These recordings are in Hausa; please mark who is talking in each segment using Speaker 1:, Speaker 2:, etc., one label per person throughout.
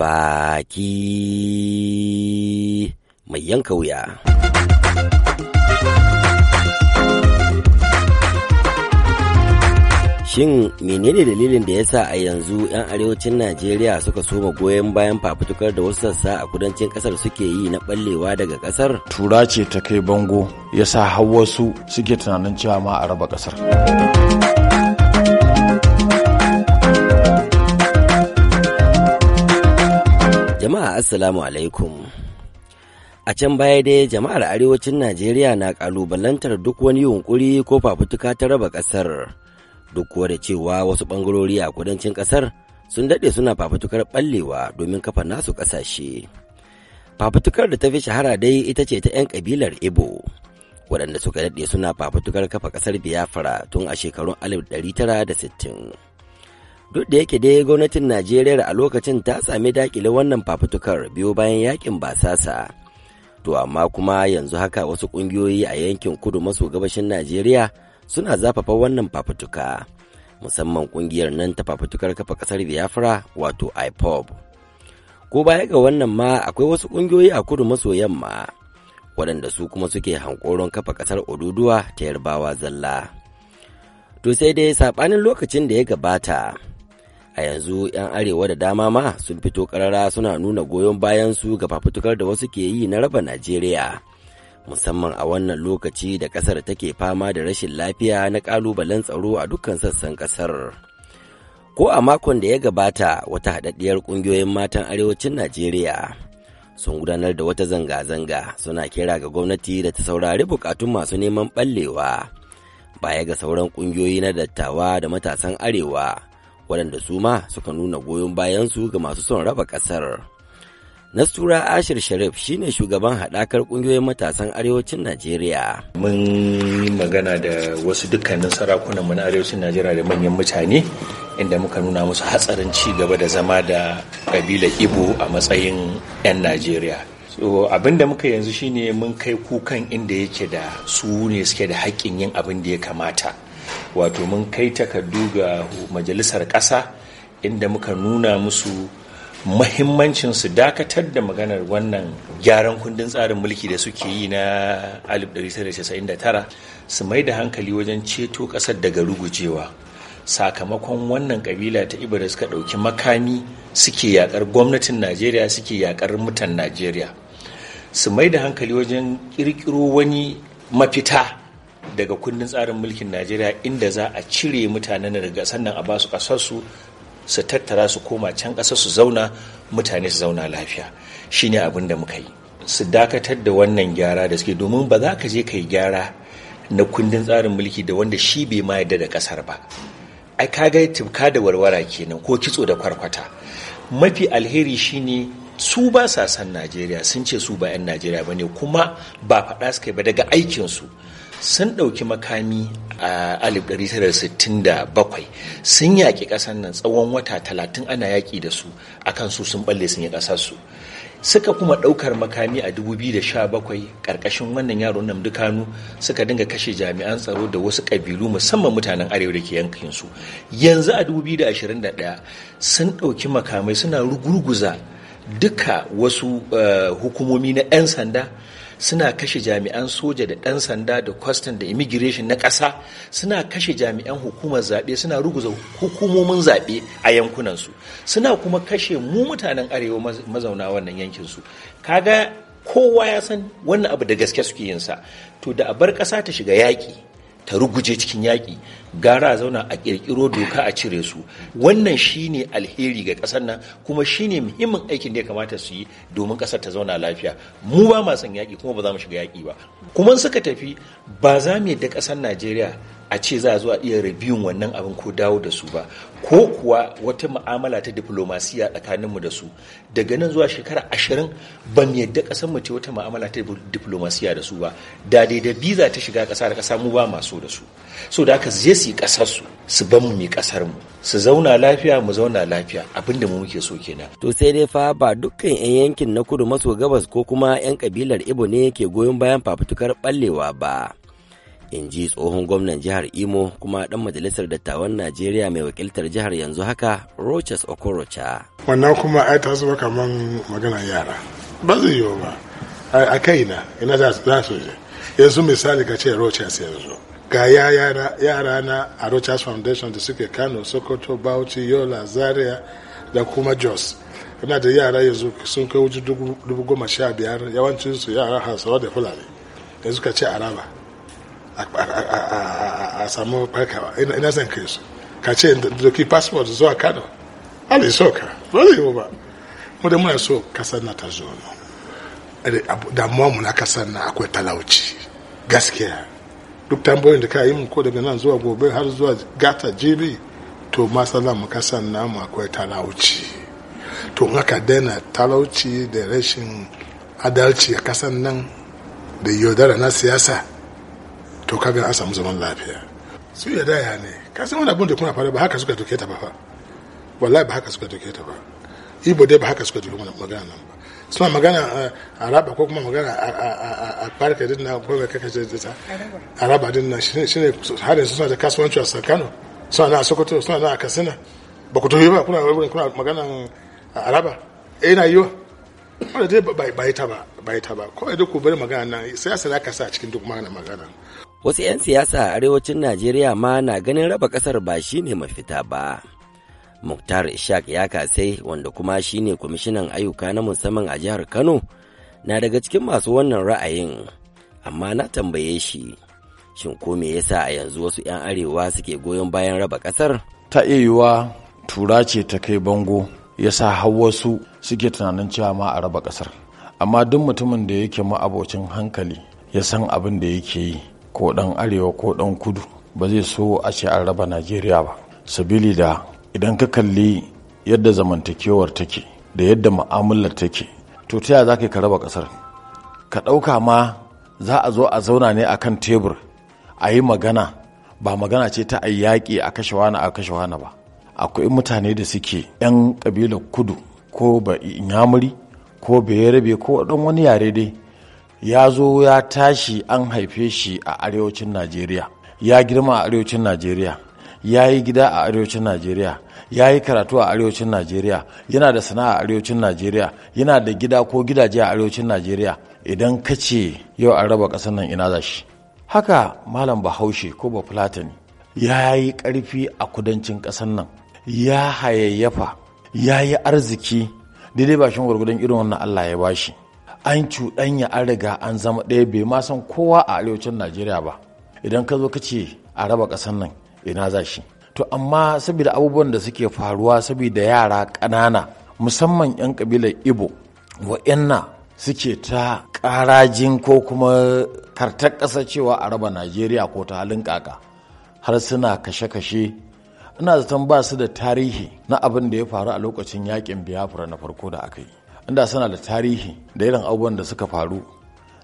Speaker 1: baki mai yanka wuya. Shin menene dalilin da ya sa a yanzu 'yan arewacin Najeriya suka soma goyon bayan fafutukar da wasu sassa a kudancin kasar suke yi na ɓallewa daga kasar? Tura ce ta
Speaker 2: kai bango ya sa har wasu suke tunanin cewa ma a raba kasar.
Speaker 1: Jama'a Assalamu alaikum. A can baya dai jama'ar arewacin Najeriya na kalubalantar duk wani yunkuri ko fafutuka ta raba ƙasar. Duk kuwa da cewa wasu bangarori a kudancin ƙasar sun daɗe suna fafutukar ɓallewa domin kafa nasu ƙasashe. Fafutukar da ta fi shahara dai ita ce ta 'yan ƙabilar Ibo. waɗanda suka daɗe suna fafutukar kafa ƙasar Biyafara tun a shekarun 1960. duk da yake dai gwamnatin najeriya a lokacin ta sami dakile wannan fafutukar biyo bayan yakin basasa to amma kuma yanzu haka wasu kungiyoyi a yankin kudu maso gabashin najeriya suna zafafa wannan fafutuka musamman kungiyar nan ta fafutukar kafa kasar biafra wato ipob ko baya ga wannan ma akwai wasu kungiyoyi a kudu maso yamma waɗanda su kuma suke hankoron kafa kasar oduduwa ta yarbawa zalla to sai dai saɓanin lokacin da ya gabata a yanzu 'yan arewa da dama ma sun fito karara suna nuna goyon bayan su ga fafutukar da wasu ke yi na raba najeriya musamman a wannan lokaci da kasar take fama da rashin lafiya na kalubalen tsaro a dukkan sassan kasar ko a makon da ya gabata wata haɗaɗɗiyar ƙungiyoyin matan arewacin najeriya sun gudanar da wata zanga-zanga suna kira ga gwamnati da ta saurari bukatun masu neman ɓallewa baya ga sauran ƙungiyoyi na dattawa da matasan arewa waɗanda su ma suka nuna goyon bayan su ga masu son raba ƙasar. Nastura Ashir Sharif shine shugaban haɗakar ƙungiyoyin matasan arewacin Najeriya.
Speaker 3: Mun yi magana da wasu dukkanin sarakunan mu na arewacin Najeriya da manyan mutane inda muka nuna musu hatsarin ci gaba da zama da ƙabila Ibo a matsayin 'yan Najeriya. So abin da muka yanzu shine mun kai kukan inda yake da su ne suke da haƙƙin yin abin da ya kamata. wato mun kai takardu ga majalisar ƙasa inda muka nuna musu mahimmancin su dakatar da maganar wannan gyaran kundin tsarin mulki da suke yi na 1999 su mai da hankali wajen ceto ƙasar daga rugujewa sakamakon wannan kabila ta ibo da suka ɗauki makami suke yakar gwamnatin najeriya suke yakar mutan najeriya su mai da hankali wajen ƙirƙiro wani mafita daga kundin tsarin mulkin najeriya inda za a cire mutanen daga sannan a basu kasarsu su tattara su koma can ƙasar su zauna mutane su zauna lafiya shine abin da muka yi su dakatar da wannan gyara da suke domin ba za ka je ka yi gyara na kundin tsarin mulki da wanda shi bai ma yadda da ƙasar ba ai ka ga tibka da warwara kenan ko kitso da kwarkwata mafi alheri shine su ba sa san najeriya sun ce su ba 'yan najeriya ba ne kuma ba faɗa suka yi ba daga aikinsu sun ɗauki makami a 1967 sun yaƙi ƙasar nan tsawon wata talatin ana yaƙi da su a kan su sun balle sun yi su suka kuma ɗaukar makami a 2017 ƙarƙashin wannan yaron nan dukanu suka dinga kashe jami'an tsaro da wasu ƙabilu musamman mutanen arewa da ke yankin yanzu a 2021 sun ɗauki makamai suna rugurguza duka wasu eh, hukumomi na 'yan sanda suna kashe jami'an soja da ɗan sanda da kwastan da immigration na ƙasa suna kashe jami'an hukumar zaɓe suna ruguza hukumomin zaɓe a yankunansu suna kuma kashe mu mutanen arewa mazauna wannan yankinsu kaga kowa ya san wannan abu da gaske suke yinsa to da a bar ƙasa ta shiga yaƙi ta ruguje cikin yaƙi gara a zauna a ƙirƙiro doka a cire su wannan shine alheri ga ƙasar nan kuma shine muhimmin aikin da ya kamata su yi domin ƙasar ta zauna lafiya mu ba ma son yaƙi kuma ba za mu shiga yaƙi ba kuma suka tafi ba za mu yadda ƙasar najeriya a ce za a zo a iya rabiyun wannan abin ko dawo da su ba ko kuwa wata mu'amala ta diplomasiya tsakaninmu da su daga nan zuwa shekara ashirin ba mu yadda ƙasarmu ce wata mu'amala ta diplomasiya da su ba da da biza ta shiga kasa da kasa mu ba masu da su so da haka zai su yi su su
Speaker 1: ban mu mai ƙasar mu su zauna
Speaker 3: lafiya mu zauna lafiya abinda mu muke so
Speaker 1: kenan. to sai dai fa ba dukkan 'yan yankin na kudu maso gabas ko kuma 'yan kabilar ibo ne ke goyon bayan fafutukar ballewa ba. in ji tsohon gwamnan jihar imo kuma dan majalisar dattawan najeriya mai wakiltar jihar yanzu haka rochas okorocha
Speaker 4: wannan kuma ai ta zuba kaman magana yara ba zai yiwu ba a kaina ina za su je yanzu misali ka ce rochas yanzu ga yara na a rochas foundation da suke kano sokoto bauchi yola zaria da kuma jos ina da yara yanzu sun kai wuce dubu goma sha biyar yawancinsu yara hasawa da fulani yanzu ka ce araba a samu farkawa ina zan kai su ka ce doki passport zuwa kano ala so ka ba zai yiwu ba mu da muna so kasar na ta zo damuwa mu na kasar na akwai talauci gaskiya duk tambayoyin da ka yi ko daga nan zuwa gobe har zuwa gata jibi to masala mu kasar mu akwai talauci to in aka daina talauci da rashin adalci a kasar nan da yaudara na siyasa to kaga an samu zaman lafiya su ya daya ne ka san wani abin da kuna fara ba haka suka doke ta ba fa wallahi ba haka suka doke ta ba ibo dai ba haka suka doke mana magana nan ba suna magana a raba ko kuma magana a farka din na ko kaka ce ta a raba din na shine shine har yanzu suna da kasuwanci a Sakano suna na a Sokoto suna na a Katsina ba ku tafi ba kuna kuna magana a raba eh na yiwa wanda dai ba ita ba ba ita ba ko dai ku bari magana nan sai a sa ka sa a cikin duk magana magana
Speaker 1: Wasu 'yan siyasa a arewacin Najeriya ma na ganin raba ƙasar ba shi ne mafita ba. Muktar Ishaq ya kasai wanda kuma shi ne kwamishinan ayyuka na musamman a jihar Kano na daga cikin masu wannan ra'ayin, amma na tambaye shi. Shin ko me yasa a yanzu wasu 'yan arewa suke goyon bayan raba ƙasar?
Speaker 2: Ta iya tura ce ta kai bango ya sa har wasu suke tunanin cewa ma a raba ƙasar. Amma duk mutumin da yake ma'abocin hankali ya san abin da yake yi ko dan arewa ko ɗan kudu ba zai so a ce an raba najeriya ba sabili da idan ka kalli yadda zamantakewar take da yadda mu'amalar take to ta yaya za ka raba ƙasar ka ɗauka ma za a zo a zauna ne a kan tebur a yi magana ba magana ce ta ayi yaƙi a kashe wani a kashe wani ba akwai mutane da suke 'yan ƙabilar kudu ko ba inyamuri ko bayarabe ko ɗan wani yare dai ya zo ya tashi an haife shi a arewacin najeriya ya girma a arewacin najeriya ya yi gida a arewacin najeriya ya yi karatu a arewacin najeriya yana da sana'a a arewacin najeriya yana da gida ko gidaje a arewacin najeriya idan ka ce yau an raba ƙasar nan ina za shi haka malam bahaushe ko bafulatani ya yi ƙarfi a kudancin ƙasar nan ya hayayyafa ya yi arziki daidai bashin gwargwadon irin wannan allah ya bashi an cuɗanya an riga an zama ɗaya bai ma san kowa a arewacin najeriya ba idan ka zo ka ce a raba ƙasar nan ina za shi to amma saboda abubuwan da suke faruwa saboda yara ƙanana musamman 'yan ƙabilar ibo wa'yanna suke ta ƙarajin ko kuma kartar ƙasa cewa a raba najeriya ko ta halin ƙaƙa har suna kashe-kashe ina zaton ba su da tarihi na abin da ya faru a lokacin yaƙin biafra na farko da aka yi inda suna da tarihi da irin abubuwan da suka faru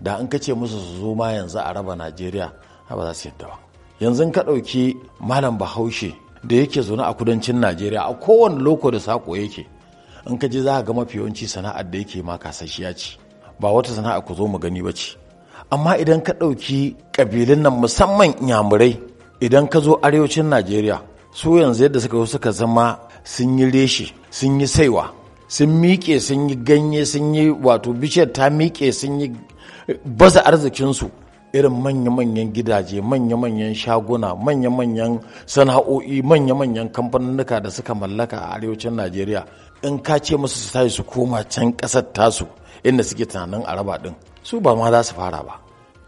Speaker 2: da an kace musu su zo ma yanzu a raba najeriya ba za su yadda ba yanzu ka ɗauki malam bahaushe da yake zaune a kudancin najeriya a kowane loko da sako yake in ka je za ga mafi yawanci sana'ar da yake ma kasashiya ce ba wata sana'a ku zo mu gani ba ce amma idan ka ɗauki ƙabilun nan musamman inyamurai idan ka zo arewacin najeriya su yanzu yadda suka suka zama sun yi reshe sun yi saiwa sun miƙe sun yi ganye sun yi wato bishiyar ta miƙe sun yi baza arzikinsu irin manya-manyan gidaje manya-manyan shaguna manya-manyan sana'o'i manya-manyan kamfanunuka da suka mallaka a arewacin najeriya in ka ce musu su tashi su koma can ƙasar tasu inda suke tunanin araba din su ba ma za su fara ba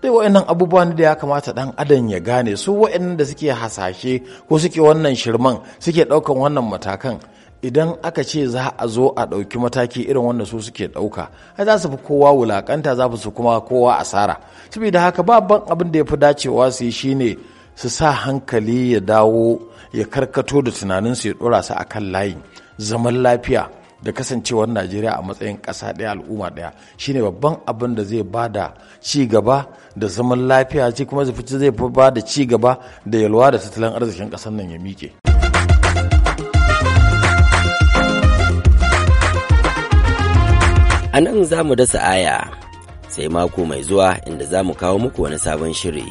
Speaker 2: dai wa'annan abubuwa ne da ya kamata dan adam ya gane su wa'annan da suke hasashe ko suke wannan shirman suke ɗaukan wannan matakan idan aka ce za a zo a ɗauki mataki irin wanda su suke ɗauka ai za su fi kowa wulaƙanta za su kuma kowa asara saboda haka babban abin da ya fi dacewa su yi shine su sa hankali ya dawo ya karkato da tunanin su ya ɗora su a kan layin zaman lafiya da kasancewar najeriya a matsayin ƙasa ɗaya al'umma ɗaya shine babban abin da zai ba da ci gaba da zaman lafiya ce kuma zai fi ba da ci gaba da yalwa da tattalin arzikin ƙasar nan ya miƙe
Speaker 1: A nan za mu dasa aya, sai mako mai zuwa inda za mu kawo muku wani sabon shiri.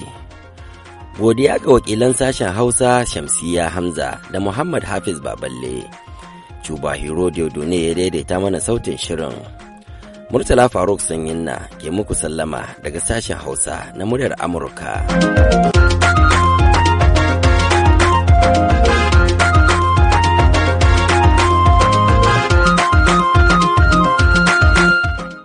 Speaker 1: Godiya ga wakilan sashen Hausa Shamsiya Hamza da Muhammad Hafiz Baballe. Cuba Hero Diodone ya daidaita mana sautin shirin. Murtala Faruk na ke muku sallama daga sashen Hausa na muryar Amurka.